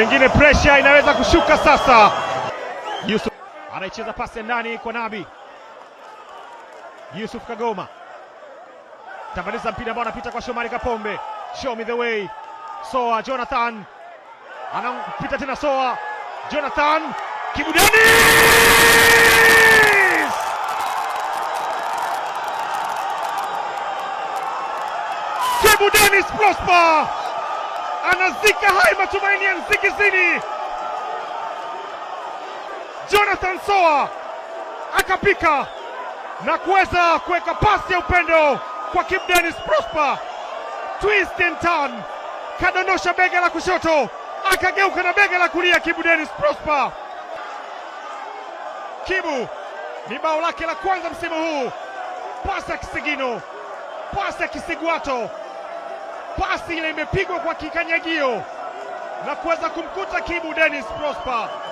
pengine pressure inaweza kushuka sasa. Yusuf anaicheza pasi ya ndani kwa Nabi Yusuf Kagoma tambaliza mpira ambao anapita kwa Shomari Kapombe, show me the way. Soa Jonathan anampita tena, Soa Jonathan Kibudani Kibudani Prosper anazika hai matumaini ya Nsingizini. Jonathan Soa akapika na kuweza kuweka pasi ya upendo kwa Kibu Denis Prosper, twist and turn, kadondosha bega la kushoto, akageuka na bega la kulia. Kibu Denis Prosper, Kibu ni bao lake la kwanza msimu huu. Pasi ya kisigino, pasi ya kisigwato pasi ile imepigwa kwa kikanyagio na kuweza kumkuta kibu Dennis Prosper.